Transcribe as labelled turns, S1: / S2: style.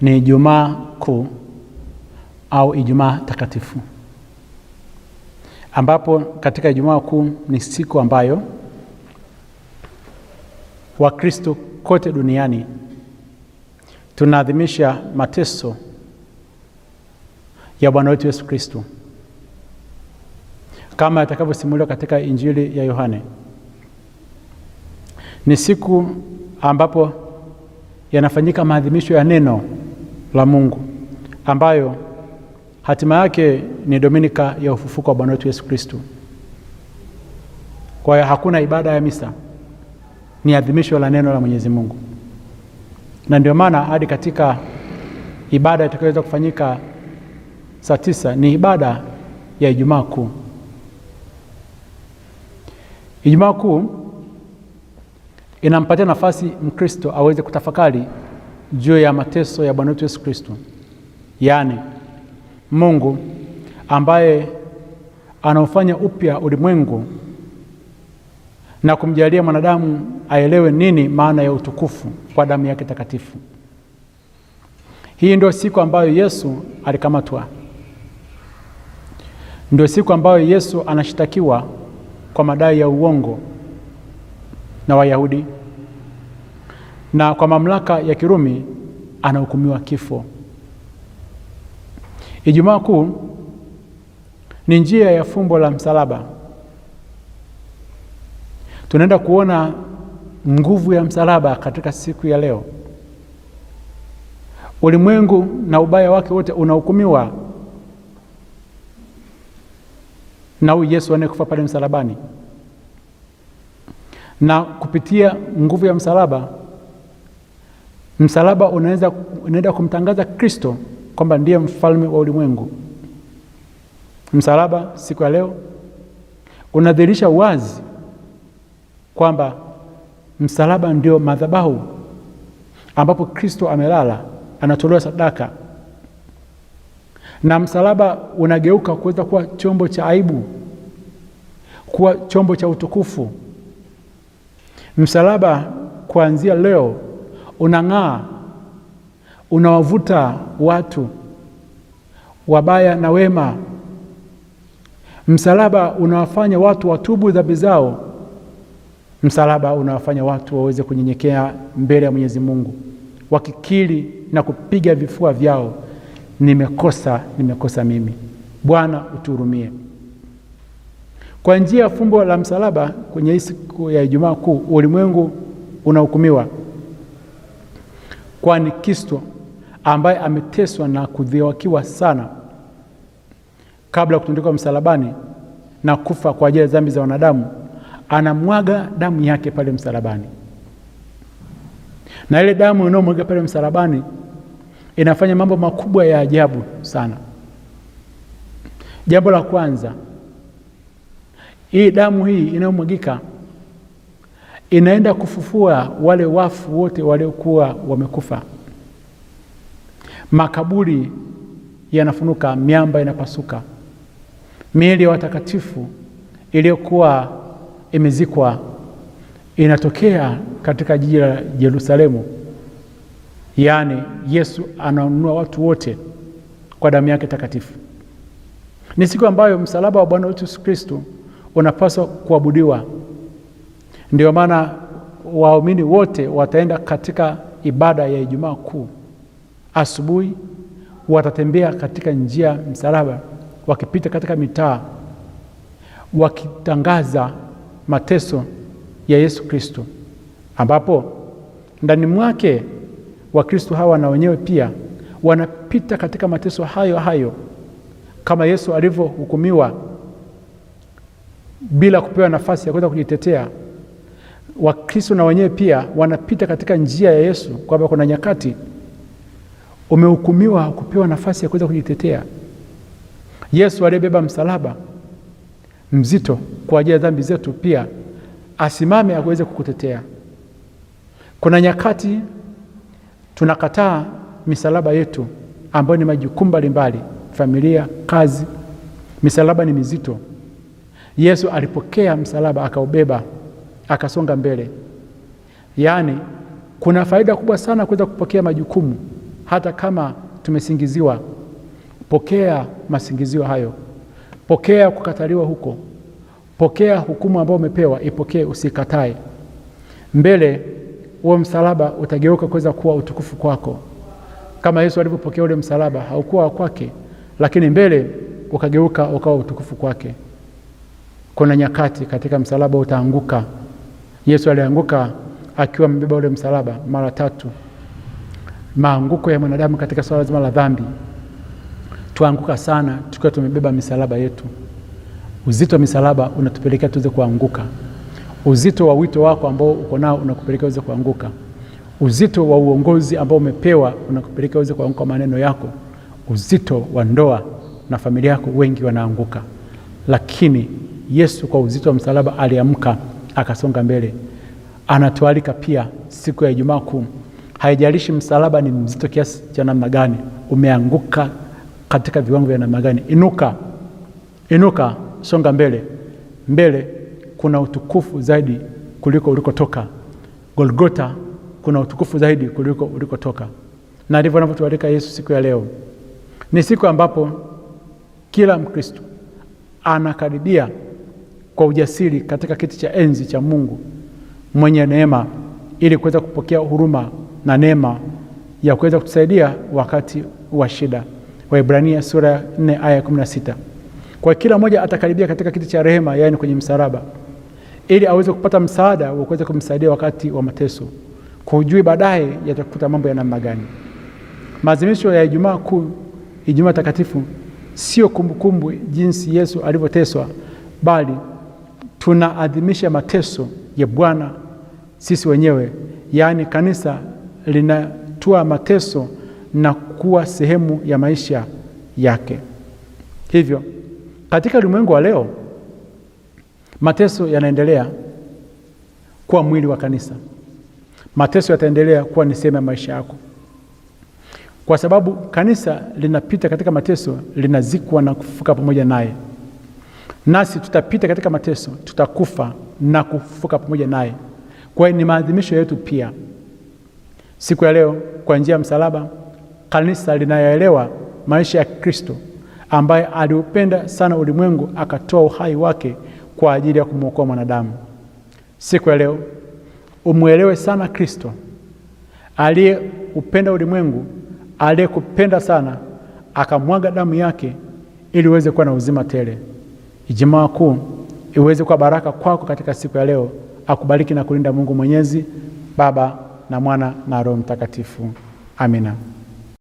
S1: ni Ijumaa Kuu au Ijumaa Takatifu, ambapo katika Ijumaa Kuu ni siku ambayo Wakristo kote duniani tunaadhimisha mateso ya Bwana wetu Yesu Kristo kama atakavyosimuliwa katika Injili ya Yohane. Ni siku ambapo yanafanyika maadhimisho ya neno la Mungu ambayo hatima yake ni Dominika ya ufufuko wa Bwana wetu Yesu Kristo. Kwa hiyo hakuna ibada ya misa, ni adhimisho la neno la Mwenyezi Mungu, na ndio maana hadi katika ibada itakayoweza kufanyika saa tisa ni ibada ya Ijumaa Kuu. Ijumaa Kuu inampatia nafasi Mkristo aweze kutafakari juu ya mateso ya Bwana wetu Yesu Kristo, yaani Mungu ambaye anaofanya upya ulimwengu na kumjalia mwanadamu aelewe nini maana ya utukufu kwa damu yake takatifu. Hii ndio siku ambayo Yesu alikamatwa, ndio siku ambayo Yesu anashitakiwa kwa madai ya uongo na Wayahudi na kwa mamlaka ya Kirumi anahukumiwa kifo. Ijumaa Kuu ni njia ya fumbo la msalaba. Tunaenda kuona nguvu ya msalaba katika siku ya leo. Ulimwengu na ubaya wake wote unahukumiwa na huyu Yesu anayekufa pale msalabani, na kupitia nguvu ya msalaba Msalaba unaweza unaenda kumtangaza Kristo kwamba ndiye mfalme wa ulimwengu. Msalaba siku ya leo unadhihirisha wazi kwamba msalaba ndio madhabahu ambapo Kristo amelala anatolewa sadaka, na msalaba unageuka kuweza kuwa chombo cha aibu, kuwa chombo cha utukufu. Msalaba kuanzia leo unang'aa, unawavuta watu wabaya na wema. Msalaba unawafanya watu watubu dhambi zao. Msalaba unawafanya watu waweze kunyenyekea mbele ya Mwenyezi Mungu, wakikiri na kupiga vifua vyao, nimekosa, nimekosa mimi, Bwana utuhurumie. Kwa njia ya fumbo la msalaba kwenye hii siku ya Ijumaa Kuu, ulimwengu unahukumiwa kwani Kristo ambaye ameteswa na kudhiwakiwa sana kabla ya kutundikwa msalabani na kufa kwa ajili ya dhambi za wanadamu, anamwaga damu yake pale msalabani, na ile damu inayomwaga pale msalabani inafanya mambo makubwa ya ajabu sana. Jambo la kwanza, hii damu hii inayomwagika inaenda kufufua wale wafu wote waliokuwa wamekufa. Makaburi yanafunuka, miamba inapasuka, miili ya watakatifu iliyokuwa imezikwa inatokea katika jiji la Yerusalemu. Yaani, Yesu anaunua watu wote kwa damu yake takatifu. Ni siku ambayo msalaba wa Bwana wetu Yesu Kristo unapaswa kuabudiwa ndio maana waumini wote wataenda katika ibada ya Ijumaa Kuu asubuhi, watatembea katika njia msalaba, wakipita katika mitaa, wakitangaza mateso ya Yesu Kristo, ambapo ndani mwake Wakristo hawa na wenyewe pia wanapita katika mateso hayo hayo kama Yesu alivyohukumiwa bila kupewa nafasi ya kuweza kujitetea. Wakristo na wenyewe pia wanapita katika njia ya Yesu, kwamba kuna nyakati umehukumiwa kupewa nafasi ya kuweza kujitetea. Yesu aliyebeba msalaba mzito kwa ajili ya dhambi zetu, pia asimame aweze kukutetea. Kuna nyakati tunakataa misalaba yetu ambayo ni majukumu mbalimbali, familia, kazi. Misalaba ni mizito. Yesu alipokea msalaba akaubeba akasonga mbele. Yaani kuna faida kubwa sana kuweza kupokea majukumu hata kama tumesingiziwa. Pokea masingizio hayo, pokea kukataliwa huko, pokea hukumu ambayo umepewa, ipokee, usikatae. Mbele huo msalaba utageuka kuweza kuwa utukufu kwako, kama Yesu alivyopokea ule msalaba. Haukuwa kwake, lakini mbele ukageuka ukawa utukufu kwake. Kuna nyakati katika msalaba utaanguka Yesu alianguka akiwa amebeba ule msalaba mara tatu. Maanguko ya mwanadamu katika swala zima la dhambi, tuanguka sana tukiwa tumebeba misalaba yetu. Uzito wa misalaba unatupelekea tuweze kuanguka. Uzito wa wito wako ambao uko nao unakupelekea uweze kuanguka. Uzito wa uongozi ambao umepewa unakupelekea uweze kuanguka maneno yako. Uzito wa ndoa na familia yako, wengi wanaanguka, lakini Yesu kwa uzito wa msalaba aliamka akasonga mbele. Anatualika pia siku ya Ijumaa Kuu, haijalishi msalaba ni mzito kiasi cha namna gani, umeanguka katika viwango vya namna gani, inuka, inuka, songa mbele. Mbele kuna utukufu zaidi kuliko ulikotoka. Golgota kuna utukufu zaidi kuliko ulikotoka, na ndivyo anavyotualika Yesu siku ya leo. Ni siku ambapo kila Mkristo anakaribia kwa ujasiri katika kiti cha enzi cha Mungu mwenye neema ili kuweza kupokea huruma na neema ya kuweza kutusaidia wakati wa shida. Waibrania sura ya 4 aya 16. Kwa kila mmoja atakaribia katika kiti cha rehema, yaani kwenye msalaba, ili aweze kupata msaada wa kuweza kumsaidia wakati wa mateso. Kujui baadaye yatakuta mambo ya namna gani. Maadhimisho ya Ijumaa Kuu, Ijumaa Takatifu, sio kumbukumbu jinsi Yesu alivyoteswa, bali tunaadhimisha mateso ya Bwana sisi wenyewe, yaani kanisa linatua mateso na kuwa sehemu ya maisha yake. Hivyo katika ulimwengu wa leo mateso yanaendelea kuwa mwili wa kanisa. Mateso yataendelea kuwa ni sehemu ya maisha yako, kwa sababu kanisa linapita katika mateso, linazikwa na kufufuka pamoja naye nasi tutapita katika mateso, tutakufa na kufufuka pamoja naye. Kwa hiyo ni maadhimisho yetu pia siku ya leo kwa njia ya msalaba. Kanisa linayoelewa maisha ya Kristo ambaye aliupenda sana ulimwengu akatoa uhai wake kwa ajili ya kumwokoa mwanadamu. Siku ya leo umwelewe sana Kristo aliyeupenda ulimwengu, aliyekupenda sana akamwaga damu yake ili uweze kuwa na uzima tele. Ijumaa Kuu iweze kuwa baraka kwako katika siku ya leo. Akubariki na kulinda Mungu Mwenyezi, Baba na Mwana na Roho Mtakatifu. Amina.